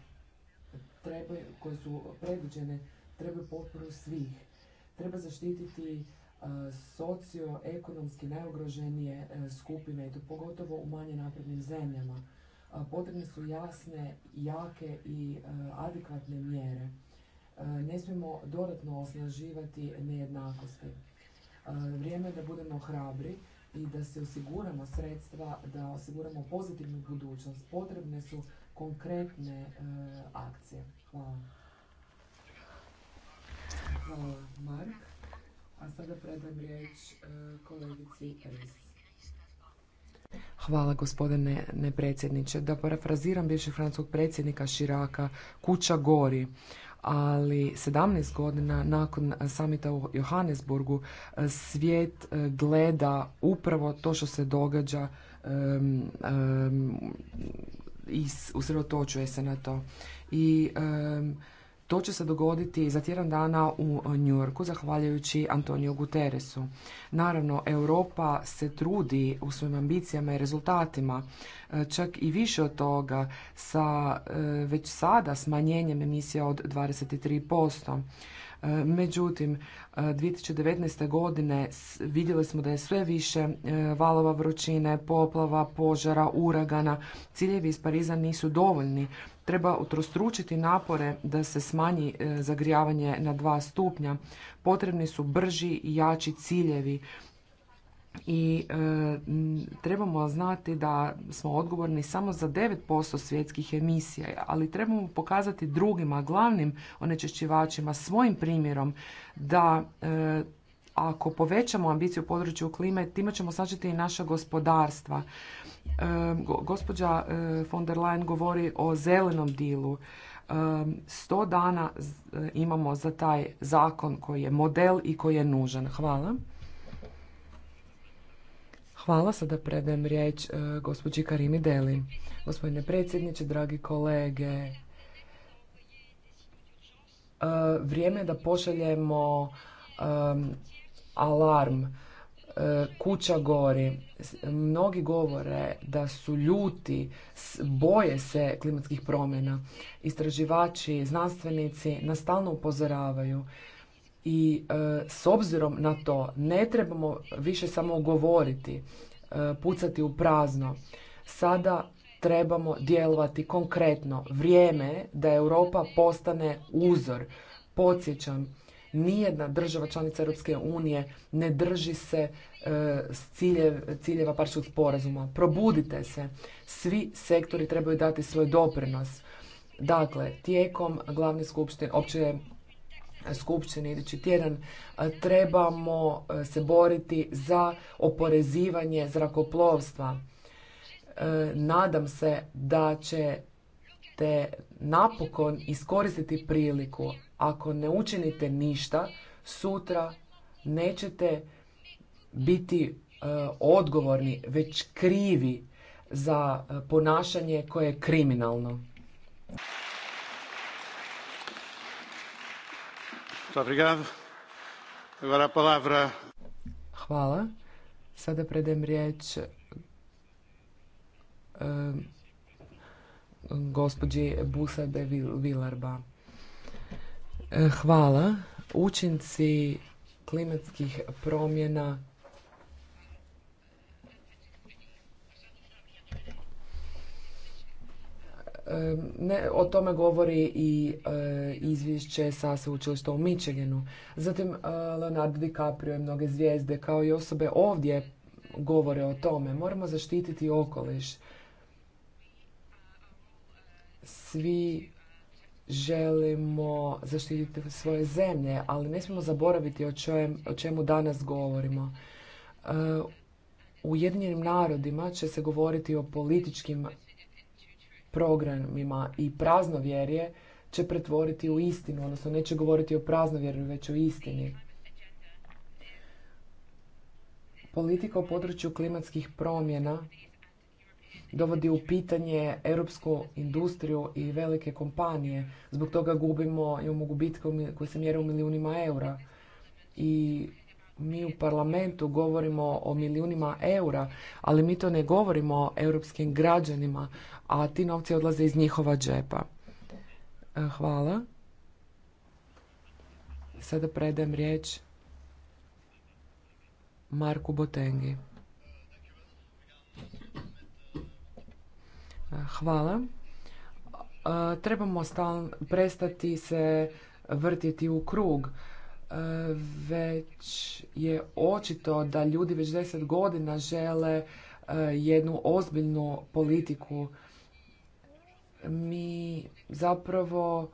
koje su predviđene trebaju potporu svih. Treba zaštititi e, socioekonomski najugroženije e, skupine i to pogotovo u manje naprednim zemljama. E, potrebne su jasne, jake i adekvatne mjere. Ne smijemo dodatno osnaživati nejednakosti. Vrijeme je da budemo hrabri i da se osiguramo sredstva, da osiguramo pozitivnu budućnost. Potrebne su konkretne akcije. Hvala. riječ e, kolegici Hvala gospodine predsjedniče. Da parafraziram bivšeg francuskog predsjednika Širaka, kuća gori. Ali 17 godina nakon samita u Johannesburgu e, svijet e, gleda upravo to što se događa i usredotočuje se na to i to će se dogoditi za tjedan dana u e, New Yorku, zahvaljujući Antoniju Guterresu. Naravno, Europa se trudi u svojim ambicijama i rezultatima, e, čak i više od toga, sa e, već sada smanjenjem emisija od 23%. Međutim, 2019. godine vidjeli smo da je sve više valova vrućine, poplava, požara, uragana. Ciljevi iz Pariza nisu dovoljni treba utrostručiti napore da se smanji e, zagrijavanje na dva stupnja. Potrebni su brži i jači ciljevi i e, trebamo znati da smo odgovorni samo za 9% svjetskih emisija, ali trebamo pokazati drugima, glavnim onečišćivačima svojim primjerom da e, ako povećamo ambiciju u području klime, time ćemo sačeti i naša gospodarstva. E, gospođa e, von der Leyen govori o zelenom dilu. E, sto dana imamo za taj zakon koji je model i koji je nužan. Hvala. Hvala, sada predajem riječ gospođi Karimi Deli. Gospodine predsjedniče, dragi kolege, vrijeme je da pošaljemo alarm, e, kuća gori, mnogi govore da su ljuti, boje se klimatskih promjena. Istraživači, znanstvenici nas stalno upozoravaju i e, s obzirom na to ne trebamo više samo govoriti, e, pucati u prazno. Sada trebamo djelovati konkretno. Vrijeme je da Europa postane uzor. Podsjećam, Nijedna država članica Europske unije ne drži se e, ciljeva parčkog sporazuma. Probudite se. Svi sektori trebaju dati svoj doprinos. Dakle, tijekom glavne skupštine, opće skupštine idući tjedan, e, trebamo e, se boriti za oporezivanje zrakoplovstva. Nadam se da ćete te napokon iskoristiti priliku, ako ne učinite ništa, sutra nećete biti e, odgovorni, već krivi za e, ponašanje koje je kriminalno. Hvala. Sada predajem riječ e, gospođi Busa de Vilarba. E, hvala. Učinci klimatskih promjena e, Ne, o tome govori i e, izvješće sa sveučilišta u Michiganu. Zatim e, Leonardo DiCaprio i mnoge zvijezde kao i osobe ovdje govore o tome. Moramo zaštititi okoliš. Svi želimo zaštititi svoje zemlje, ali ne smijemo zaboraviti o, o čemu danas govorimo. E, u Ujedinjenim narodima će se govoriti o političkim programima i praznovjerje će pretvoriti u istinu, odnosno neće govoriti o praznovjerju, već o istini. Politika u području klimatskih promjena dovodi u pitanje europsku industriju i velike kompanije. Zbog toga gubimo, imamo gubitke koji se mjere u milijunima eura. I mi u parlamentu govorimo o milijunima eura, ali mi to ne govorimo o europskim građanima, a ti novci odlaze iz njihova džepa. E, hvala. Sada predajem riječ Marku Botengi. Hvala. Trebamo prestati se vrtiti u krug. Već je očito da ljudi već deset godina žele jednu ozbiljnu politiku. Mi zapravo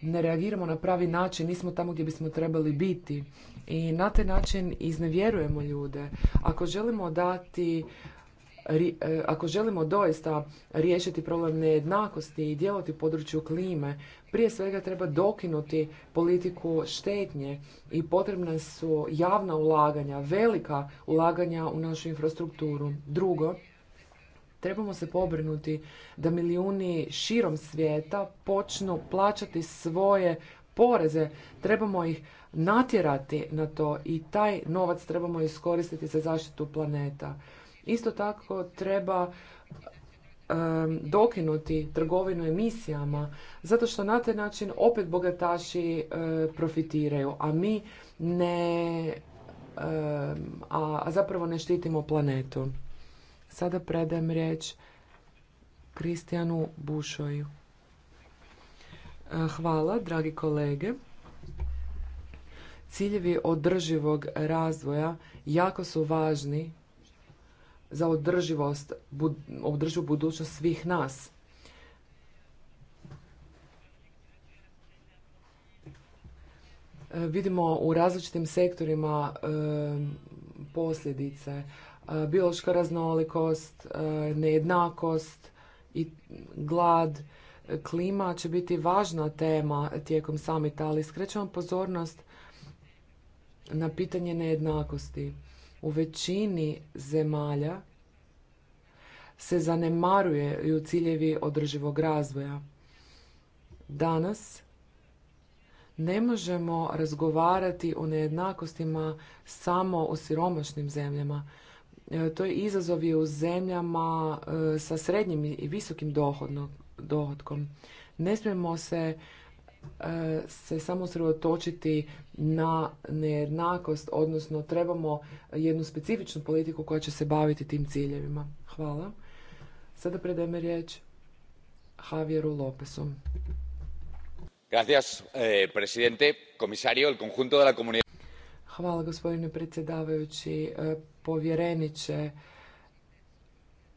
ne reagiramo na pravi način, nismo tamo gdje bismo trebali biti i na taj način iznevjerujemo ljude. Ako želimo dati E, ako želimo doista riješiti problem nejednakosti i djelovati u području klime, prije svega treba dokinuti politiku štetnje i potrebna su javna ulaganja, velika ulaganja u našu infrastrukturu. Drugo, trebamo se pobrinuti da milijuni širom svijeta počnu plaćati svoje poreze, trebamo ih natjerati na to i taj novac trebamo iskoristiti za zaštitu planeta. Isto tako treba dokinuti trgovinu emisijama, zato što na taj način opet bogataši e, profitiraju, a mi ne, a zapravo ne štitimo planetu. Sada predajem riječ Kristijanu Bušoju. E, hvala, dragi kolege. Ciljevi održivog razvoja jako su važni za održivost, održivu budućnost svih nas. E, vidimo u različitim sektorima e, posljedice, e, biološka raznolikost, nejednakost i glad. Klima će biti važna tema tijekom samita, ali skrećemo pozornost na pitanje nejednakosti u većini zemalja se zanemaruju ciljevi održivog razvoja. Danas ne možemo razgovarati o nejednakostima samo u siromašnim zemljama. E, to je izazov i u zemljama e, sa srednjim i visokim dohodkom. Ne smijemo se E, se samo sredotočiti na nejednakost, odnosno trebamo jednu specifičnu politiku koja će se baviti tim ciljevima. Hvala. Sada predajem riječ Javieru Lopesu. Gracias, eh, presidente, comisario, el conjunto de la comunidad. Hvala gospodine predsjedavajući, e, povjereniče,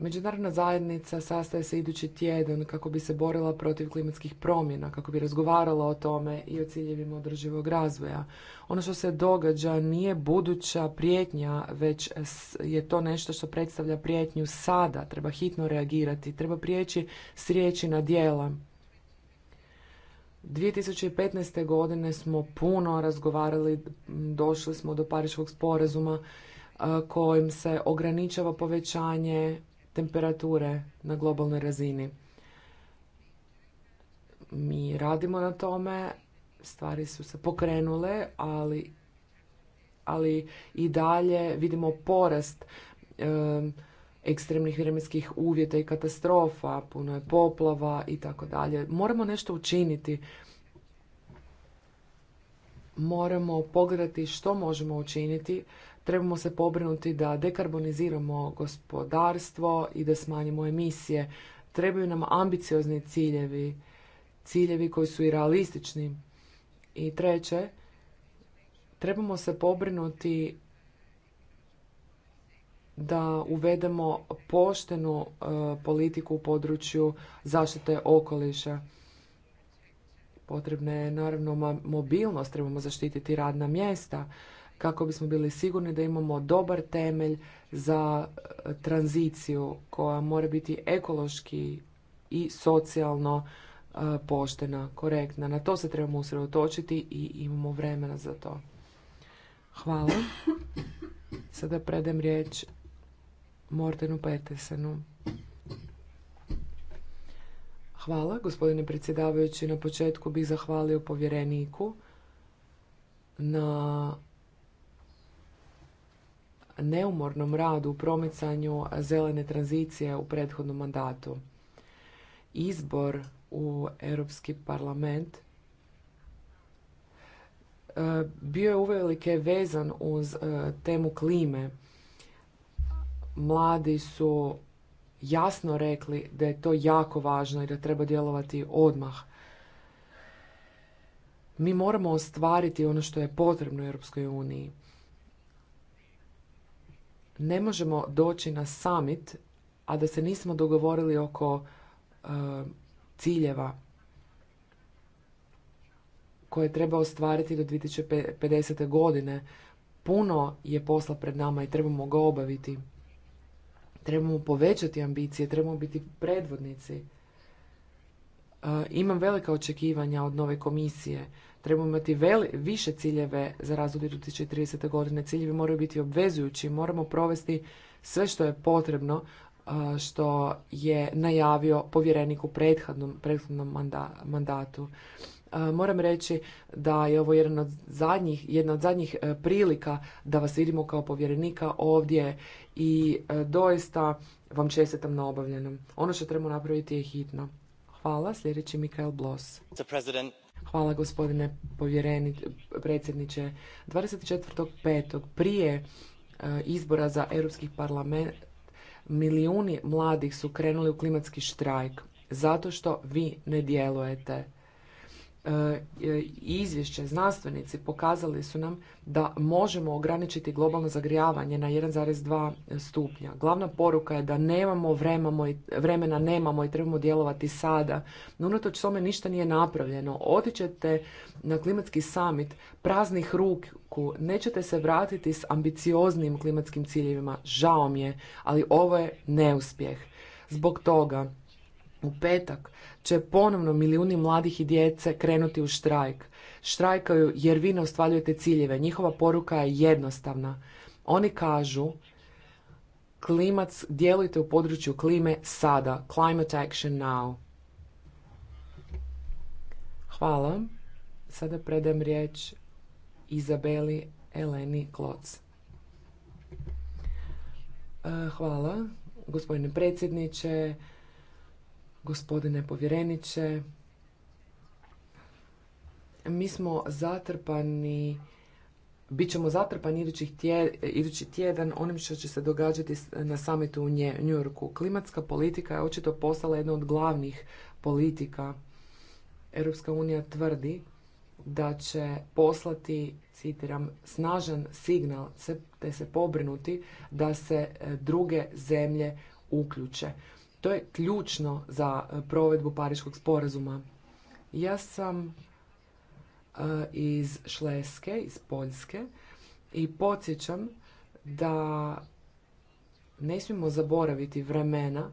Međunarodna zajednica sastaje se idući tjedan kako bi se borila protiv klimatskih promjena, kako bi razgovarala o tome i o ciljevima održivog razvoja. Ono što se događa nije buduća prijetnja, već je to nešto što predstavlja prijetnju sada. Treba hitno reagirati, treba prijeći s riječi na dijela. 2015. godine smo puno razgovarali, došli smo do Pariškog sporazuma kojim se ograničava povećanje temperature na globalnoj razini. Mi radimo na tome, stvari su se pokrenule, ali, ali i dalje vidimo porast ekstremnih vremenskih uvjeta i katastrofa, puno je poplava i tako dalje. Moramo nešto učiniti. Moramo pogledati što možemo učiniti Trebamo se pobrinuti da dekarboniziramo gospodarstvo i da smanjimo emisije. Trebaju nam ambiciozni ciljevi, ciljevi koji su i realistični. I treće, trebamo se pobrinuti da uvedemo poštenu e, politiku u području zaštite okoliša. Potrebna je naravno mobilnost, trebamo zaštititi radna mjesta kako bismo bili sigurni da imamo dobar temelj za e, tranziciju koja mora biti ekološki i socijalno e, poštena, korektna. Na to se trebamo usredotočiti i imamo vremena za to. Hvala. Sada predem riječ Mortenu Petesenu. Hvala, gospodine predsjedavajući. Na početku bih zahvalio povjereniku na neumornom radu u promicanju zelene tranzicije u prethodnom mandatu. Izbor u Europski parlament e, bio je uvelike vezan uz e, temu klime. Mladi su jasno rekli da je to jako važno i da treba djelovati odmah. Mi moramo ostvariti ono što je potrebno Europskoj uniji ne možemo doći na summit, a da se nismo dogovorili oko e, ciljeva koje treba ostvariti do 2050. godine. Puno je posla pred nama i trebamo ga obaviti. Trebamo povećati ambicije, trebamo biti predvodnici. E, imam velika očekivanja od nove komisije Trebamo imati više ciljeve za razdoblje 2030. godine. Ciljevi moraju biti obvezujući, moramo provesti sve što je potrebno što je najavio povjerenik u prethodnom, prethodnom mandatu. Moram reći da je ovo jedan od zadnjih, jedna od zadnjih e, prilika da vas vidimo kao povjerenika ovdje i e, doista vam čestitam na obavljenom. Ono što trebamo napraviti je hitno. Hvala. Sljedeći Mikael Blos. Hvala gospodine povjereni, predsjedniče. 24.5. prije e, izbora za Europski parlament milijuni mladih su krenuli u klimatski štrajk zato što vi ne djelujete. E, e, izvješće, znanstvenici pokazali su nam da možemo ograničiti globalno zagrijavanje na 1,2 stupnja. Glavna poruka je da nemamo vremena, nemamo i trebamo djelovati sada. No, unatoč tome ništa nije napravljeno. Otićete na klimatski summit praznih ruku, nećete se vratiti s ambicioznim klimatskim ciljevima. Žao mi je, ali ovo je neuspjeh. Zbog toga u petak će ponovno milijuni mladih i djece krenuti u štrajk. Štrajkaju jer vi ne ostvarujete ciljeve. Njihova poruka je jednostavna. Oni kažu klimac djelujte u području klime sada. Climate action now. Hvala. Sada predam riječ Izabeli Eleni Kloc. Eh, hvala, gospodine predsjedniče, gospodine povjereniče. Mi smo zatrpani, bit ćemo zatrpani idući tjedan onim što će se događati na samitu u New Yorku. Klimatska politika je očito postala jedna od glavnih politika. Europska unija tvrdi da će poslati, citiram, snažan signal te se pobrinuti da se e, druge zemlje uključe. To je ključno za e, provedbu Pariškog sporazuma. Ja sam e, iz Šleske, iz Poljske i podsjećam da ne smijemo zaboraviti vremena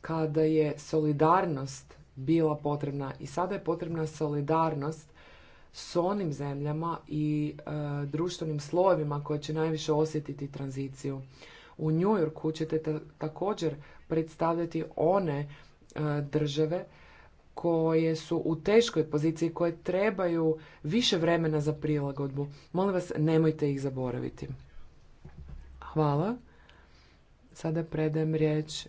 kada je solidarnost bila potrebna i sada je potrebna solidarnost s onim zemljama i e, društvenim slojevima koje će najviše osjetiti tranziciju. U New Yorku ćete također predstavljati one e, države koje su u teškoj poziciji, koje trebaju više vremena za prilagodbu. Molim vas, nemojte ih zaboraviti. Hvala. Sada predajem riječ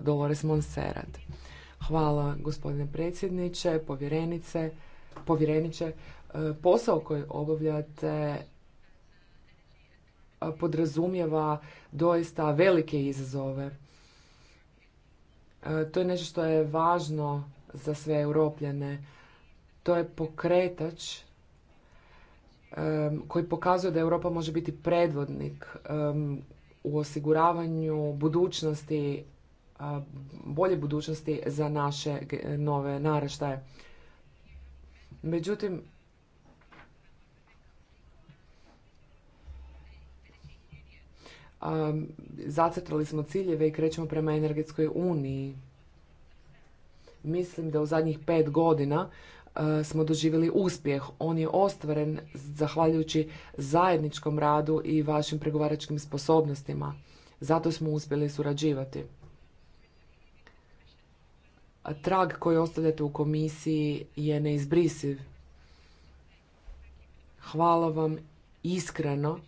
Dolores Monserrat. Hvala gospodine predsjedniče, povjerenice, povjereniče. E, posao koji obavljate e, podrazumijeva doista velike izazove. E, to je nešto što je važno za sve europljane. To je pokretač koji pokazuje da Europa može biti predvodnik u osiguravanju budućnosti bolje budućnosti za naše nove naraštaje. Međutim, zacrtali smo ciljeve i krećemo prema energetskoj uniji. Mislim da u zadnjih pet godina smo doživjeli uspjeh. On je ostvaren zahvaljujući zajedničkom radu i vašim pregovaračkim sposobnostima. Zato smo uspjeli surađivati trag koji ostavljate u komisiji je neizbrisiv. Hvala vam iskreno.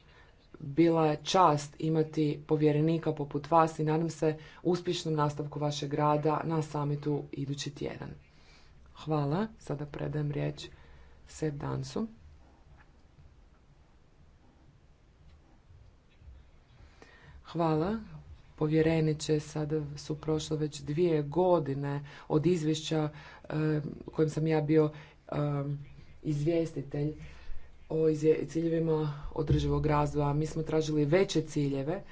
Bila je čast imati povjerenika poput vas i nadam se uspješnom nastavku vašeg rada na samitu idući tjedan. Hvala. Sada predajem riječ Seb Dansu. Hvala povjereniče, sada su prošle već dvije godine od izvješća eh, kojim sam ja bio eh, izvjestitelj o ciljevima održivog razvoja. Mi smo tražili veće ciljeve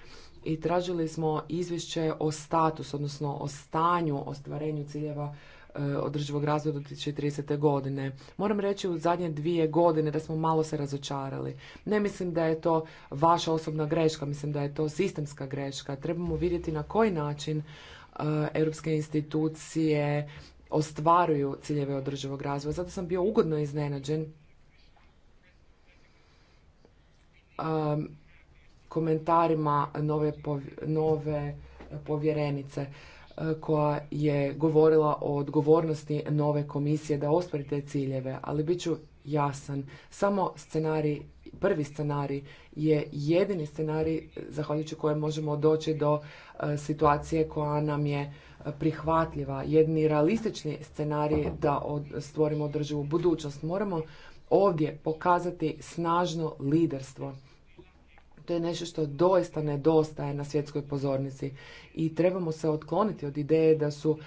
i tražili smo izvješće o status, odnosno o stanju, ostvarenju ciljeva e, održivog razvoja do 2030. godine. Moram reći u zadnje dvije godine da smo malo se razočarali. Ne mislim da je to vaša osobna greška, mislim da je to sistemska greška. Trebamo vidjeti na koji način e, europske institucije ostvaruju ciljeve održivog razvoja. Zato sam bio ugodno iznenađen e, komentarima nove, nove eh, povjerenice eh, koja je govorila o odgovornosti nove komisije da ostvari ciljeve, ali bit ću jasan. Samo scenarij, prvi scenarij je jedini scenarij zahvaljujući kojem možemo doći do eh, situacije koja nam je prihvatljiva. Jedni realistični scenarij da stvorimo održivu budućnost. Moramo ovdje pokazati snažno liderstvo to je nešto što doista nedostaje na svjetskoj pozornici i trebamo se otkloniti od ideje da su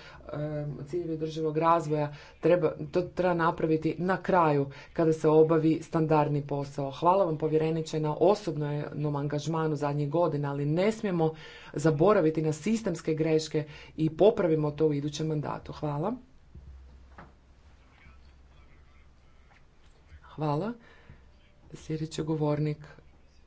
ciljevi održivog razvoja, treba, to treba napraviti na kraju kada se obavi standardni posao. Hvala vam povjereniče na osobnom angažmanu zadnjih godina, ali ne smijemo zaboraviti na sistemske greške i popravimo to u idućem mandatu. Hvala. Hvala. Sljedeći govornik